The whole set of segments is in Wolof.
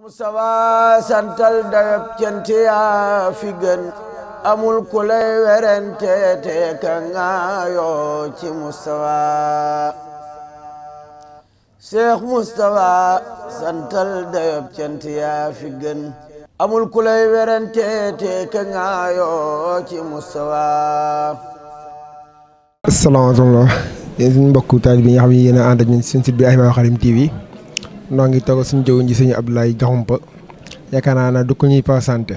Mustafa santal dayab cant yaa fi gën amul ku lay werante te ci Mustafa santal dayab cant yaa fi gën amul ku lay werante te ci Mustafa asalaamaaleykum yéen suñu mbokku taalibe bi nga xam ne a ànd ak ñun seen site bi Ahibahil Khadim TV noo ngi toog suñu jëwuñ ji sëñ Abdoulaye Diakhoumpa yaakaar naa ne du ko ñuy passante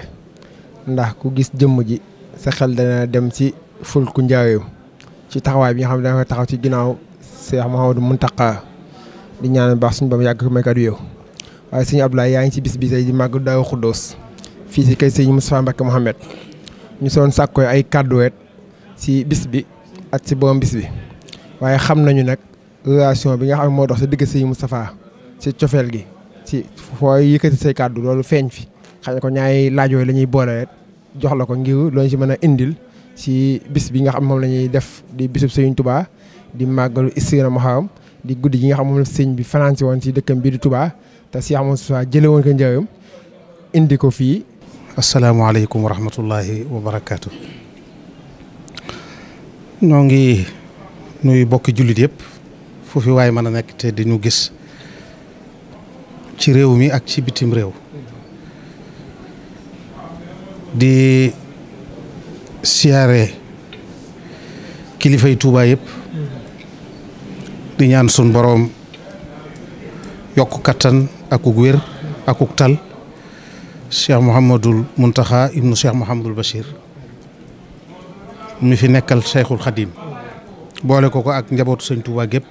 ndax ku gis jëmm ji sa xel dana dem ci fulku njaaweem ci taxawaay bi nga xam ne danga taxaw ci ginnaaw Cheikh Mouhamadou Mountakha di ñaan baax suñu bam yàgg may kat yow waaye sëñ Abdoulaye yaa ngi ci bis bi tey di màgg daaw xuddoos fii si kay sëñ Moustapha Mbacke Mohamed ñu soon sàkkoo ay kàdduweet ci bis bi ak ci borom bis bi waaye xam nañu nag relation bi nga xam ne moo dox ci digg ci cofeel gi ci foo yëkkati say kàddu loolu feeñ fi xëy na ko ñaari laaj yooyu la ñuy boole jox la ko ngir loo ci mën a indil si bis bi nga xam moom la ñuy def di bisub Sëriñ tubaa di màggalu Isriina Muharram di guddi gi nga xam moom la sëñ bi fanaan si woon ci dëkkam bii di tubaa te si amoon soit jëlee woon ko njëriñam indi ko fii. asalaamaaleykum wa rahmatullahi wa barakaatu. noo ngi nuyu bokki jullit yëpp fu waaye mën a nekk te di ñu gis. ci réew mi ak ci bitim réew di siyaare kilifay Tuuba yëpp di ñaan sun boroom yokk kattan akuk wér akuk tal Cheikh Mouhamadul Muntaxa ibnu Cheikh Mouhamadul Bachir mi fi nekkal Cheikhul Xadim boole ko ko ak njabootu sëñ Tuuba gépp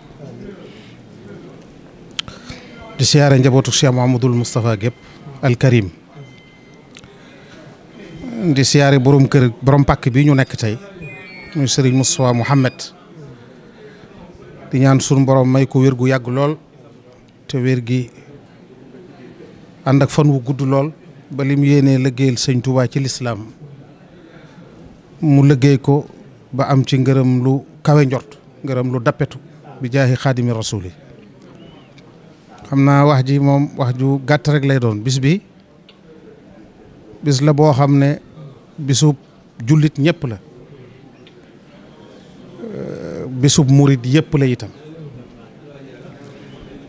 di siyaare njabootu Cheikh Mouhamadul Moustapha gépp al Karim di siyaare borom kër borom pàkk bi ñu nekk tey muy Serigne Moustapha Mouhamed di ñaan sunu borom may ko wér yàgg lool te wér gi ànd ak fan wu gudd lool ba lim yéenee liggéeyal sëñ Touba ci lislaam mu liggéey ko ba am ci ngërëm lu kawe njort ngërëm lu dappetu bi jaahi xaadimi rasuli xam naa wax ji moom wax ju gàtt rek lay doon bis bi bis la boo xam ne bisu jullit ñépp la euh, bisub murit yépp la itam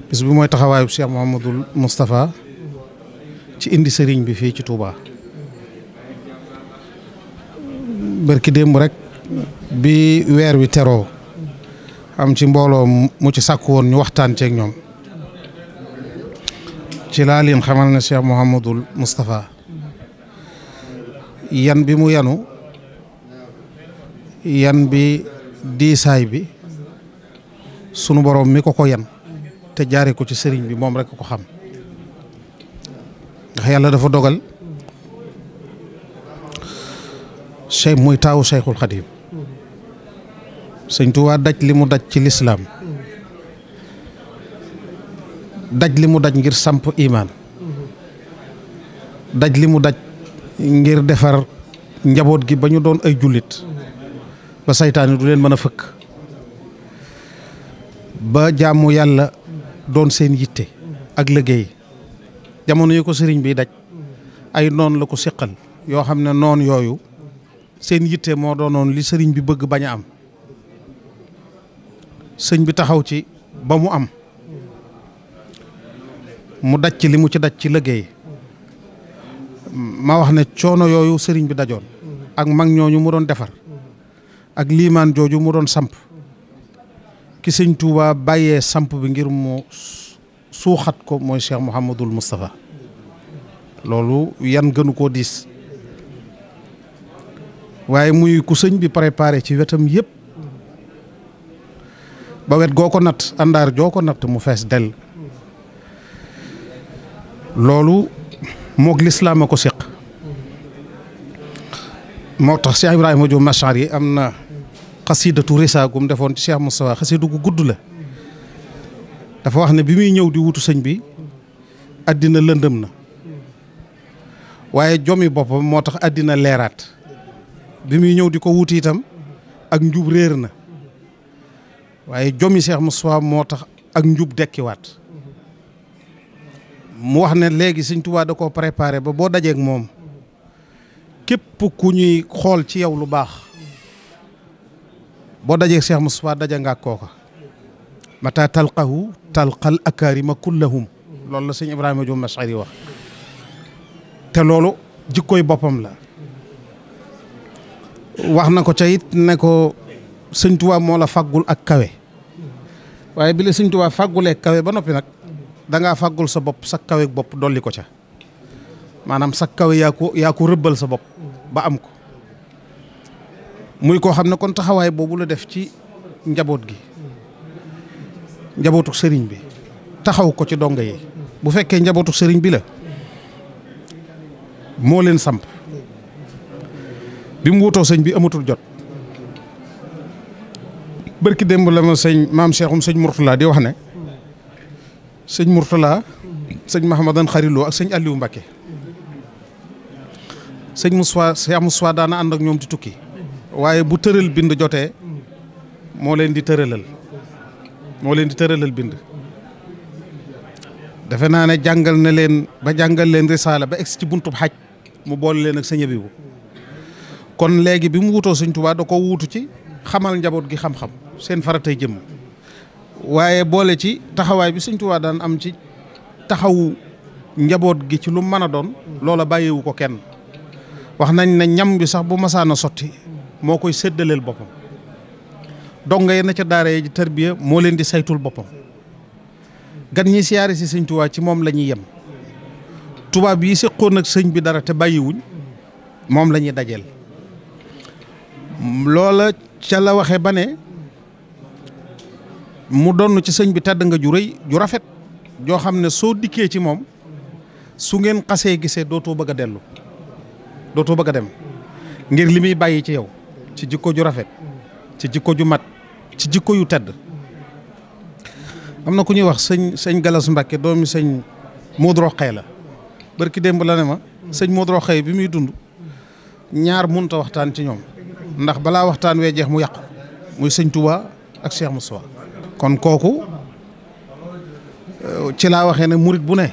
bis bi mooy taxawaayu Cheikh Mouhamadul Moustapha ci indi sëriñ bi fii ci Touba bërki démb rek bi weer wi teroo am ci mbooloo mu ci sàkk woon ñu waxtaan ceeg ñoom ci laa leen xamal ne Cheikh Mouhamadul Moustapha yan bi mu yanu yan bi diisaay bi sunu boroom mi ko ko yan te jaare ko ci sëriñ bi moom rekk ko xam ndax yàlla dafa dogal Cheikh muy taawu Cheikhul Xadim sëñ Tuubaa daj li mu daj ci lislaam daj li mu daj ngir samp imaan daj li mu daj ngir defar njaboot gi ba ñu doon ay jullit ba saytaani du leen mën a fëkk ba jaamu yàlla doon seen yitte ak liggéey jamono yi ko sëriñ bi daj ay noon la ko siqal yoo xam ne noon yooyu seen yitte moo doonoon li sëriñ bi bëgg bañ a am sëñ bi taxaw ci ba mu am mu daj ci li mu ci daj ci liggéey ma wax ne coono yooyu sëriñ bi dajoon ak mag ñooñu mu doon defar ak liimaan jooju mu doon samp ki sëñ Touba bàyyee samp bi ngir mu suuxat ko mooy Cheikh Mouhamadul Moustapha loolu yan gënu koo diis waaye muy ku sëñ bi préparé ci wetam yépp ba wet goo ko natt àndaar joo ko natt mu fees dell loolu mook lislaam a ko seq moo tax Cheikh Ibrahima Diop Machar yi am na xasiidatu risaa gum defoon ci Cheikh Moustapha xasiidu gu gudd la dafa wax ne bi muy ñëw di wutu sëñ bi àddina lëndëm na waaye jomi boppam moo tax àddina leeraat bi muy ñëw di ko wuti itam ak njub réer na waaye jomi Cheikh Moustapha moo tax ak njub dekkiwaat mu wax ne léegi Sëñ da koo préparer ba boo dajeek moom képp ku ñuy xool ci yow lu baax boo dajeek Cheikh Moustapha daja nga kooka mata talqahu talqal akaarima kullahum loolu la sëñ Ibrahima Joob Masari wax te loolu jikkoy boppam la wax na ko ca it ne ko Sëñ Tuubaa moo la faggul ak kawe waaye bi la Sëñ Tuubaa faggulee kawe ba noppi nag da ngaa fàggul sa bopp sa kawe bopp dolli ko ca maanaam sa kawe yaa ko yaa ko rëbbal sa bopp ba am ko muy koo xam ne kon taxawaay boobu la def ci njaboot gi njabootu sëriñ bi taxaw ko ci donga yi bu fekkee njabootu sëriñ bi la moo leen samp bi mu wutoo sëñ bi amatul jot bërki démb la ma sëñ maam Cheikhoum sëñ Mourtala di wax ne sëñ Mourtala sëñ Mahamadan xariloo ak sëñ Aliou Mbacke sëñ Moussa sëñ Moussa daana ànd ak ñoom di tukki waaye bu tëral bind jotee moo leen di tëralal moo leen di tëralal bind defe naa ne jàngal na leen ba jàngal leen risaala ba egsi ci buntub xaj mu bool leen ak sëñ Abibu kon léegi bi mu wutoo sëñ Tuubaa da ko wuutu ci xamal njaboot gi xam-xam seen faratay jëmm waaye boole ci taxawaay bi sëñtuwaa Tuubaa daan am ci taxawu njaboot gi ci lu mën a doon loola bàyyiwu ko kenn wax nañ ne ñam bi sax bu masaan a sotti moo koy séddaleel boppam dox yi na ca daara ji tarbiya moo leen di saytul boppam gan ñi siyaare si Sëñ ci moom lañuy yem tubaab yi séqoon nag sëñ bi dara te bàyyiwuñ moom lañuy ñuy dajeel loola ca la waxe ba ne mu donn ci sëñ bi tedd nga ju rëy ju rafet joo xam ne soo dikkee ci moom su ngeen xasee gisee dootoo bëgg a dellu dootoo bëgg a dem ngir li muy bàyyi ci yow ci jikko ju rafet ci jikko ju mat ci jikko yu tedd am na ku ñuy wax sëñ sëñ Galas Mbàkke doomi sëñ Moodu Roxaya la barki démb la ne ma sëñ Moodu Roxaya bi muy dund ñaar munta waxtaan ci ñoom ndax balaa waxtaan wee jeex mu yàqu muy sëñ Touba ak Cheikh Moussa kon kooku euh, ci laa waxee ne murit bu ne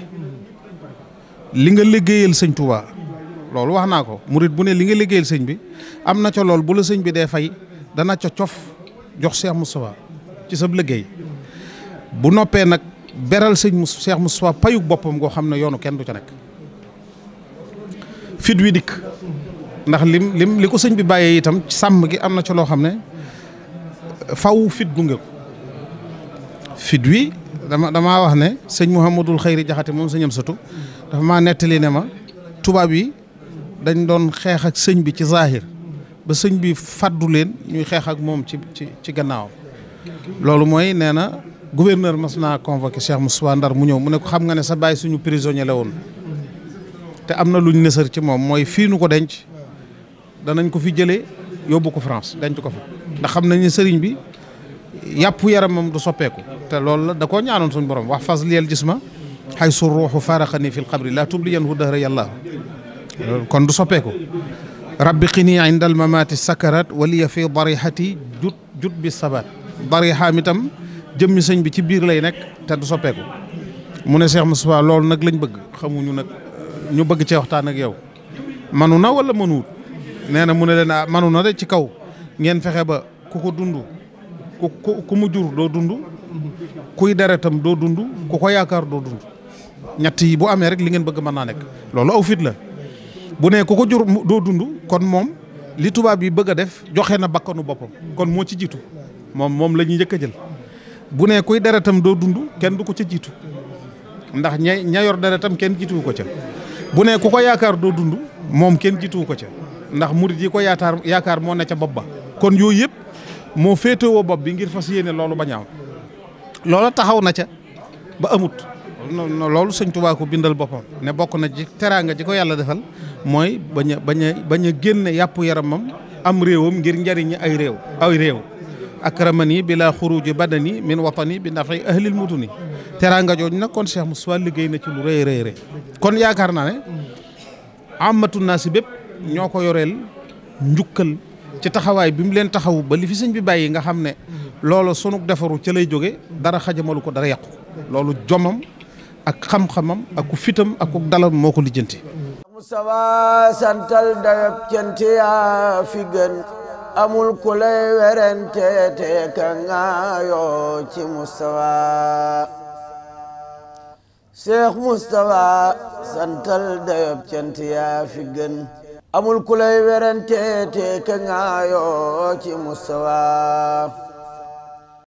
li nga liggéeyal sëñ Touba loolu wax naa ko murit bu ne li nga liggéeyal sëñ bi am na ca lool bu la sëñ bi dee fay dana ca cof jox seex mu Moustapha ci sa liggéey bu noppee nag beral sëñ mu Cheikh Moustapha payug boppam goo xam ne yoonu kenn du ca nekk fit wi dikk ndax lim lim li ko sëñ bi bàyyee itam sàmm gi am na ca loo xam ne faw fit gunge ko fit wi dama damaa wax ne sëñ Mouhamadul Xayri Jaxate moom sëñam satu dafa maa nettali ne ma tubaab yi dañ doon xeex sëñ bi ci zahir ba sëñ bi faddu leen ñuy xeex ak moom ci ci ci gannaawam loolu mooy nee na gouverneur mas naa convoqué Cheikh Moustapha Ndar mu ñëw mu ne ko xam nga ne sa baay suñu prisonnier la woon te am na luñ nësër ci moom mooy fii nu ko denc danañ ko fi jëlee yóbbu ko France denc ko fa ndax xam nañ sëriñ bi yàpp yaramam du soppeeku te loolu la da koo ñaanoon suñu borom wax fas liyal gis ma xay su ruuxu faaraxani fil xabri laa tubliyanhu dahra yàlla kon du soppeeku rabbi qini inda al mamaati sakarat waliya fi darihati jut jut bi sabat dariha mi jëmmi sëñ bi ci biir lay nekk te du soppeeku mu ne Cheikh Moustapha loolu nag lañ bëgg xamuñu nag ñu bëgg cee waxtaan ak yow manu na wala mënuwut nee na mu ne leen ah, manu na de ci kaw ngeen fexe ba ku ko dund ku ku mu jur doo dund kuy deretam doo dund ku ko yaakaar doo dund ñett yi boo amee rek li ngeen bëgg mën naa nekk loolu aw fit la bu ne ku ko jur doo dund kon moom li tubaab yi bëgg a def joxe na bakkanu boppam kon moo ci jiitu moom moom la ñuy a jël bu ne kuy deretam doo dund kenn du ko ca jiitu ndax ña ña yor deretam kenn jiituwu ko ca bu ne ku ko yaakaar doo dund moom kenn jiituwu ko ca ndax murit yi ko yaataar yaakaar moo ne ca bopp ba kon moo féetewoo bopp bi ngir fas yéene loolu bañ am loola taxaw na ca ba amut loolu sëñ bindal boppam ne bokk na ci teraanga ji ko yàlla defal mooy bañ bañ bañ a génne yàpp yaramam am réewam ngir njariñ ay réew ay réew akramani bila xuruji badani min watani bi nafay ahlil mutuni teraanga jooju nag kon Cheikh Moussa liggéey na ci lu rëy rëy rëy kon yaakaar naa ne amatu naa si bépp ñoo ko yoreel njukkal ci taxawaay bi mu leen taxawu ba li bi bàyyi nga xam ne mhm. loolu sunu defaru ca lay jóge dara xajamalu ko dara yàqu loolu jomam ak xam-xamam ak ku fitam ak ku dalam moo ko lijjanti santal dayob cant yaa fi gën amul ku lay werente te ka ci Moustapha Cheikh Moustapha santal dayob cant yaa fi gën amul ku lay werante te ka ngaayoo ci mustawa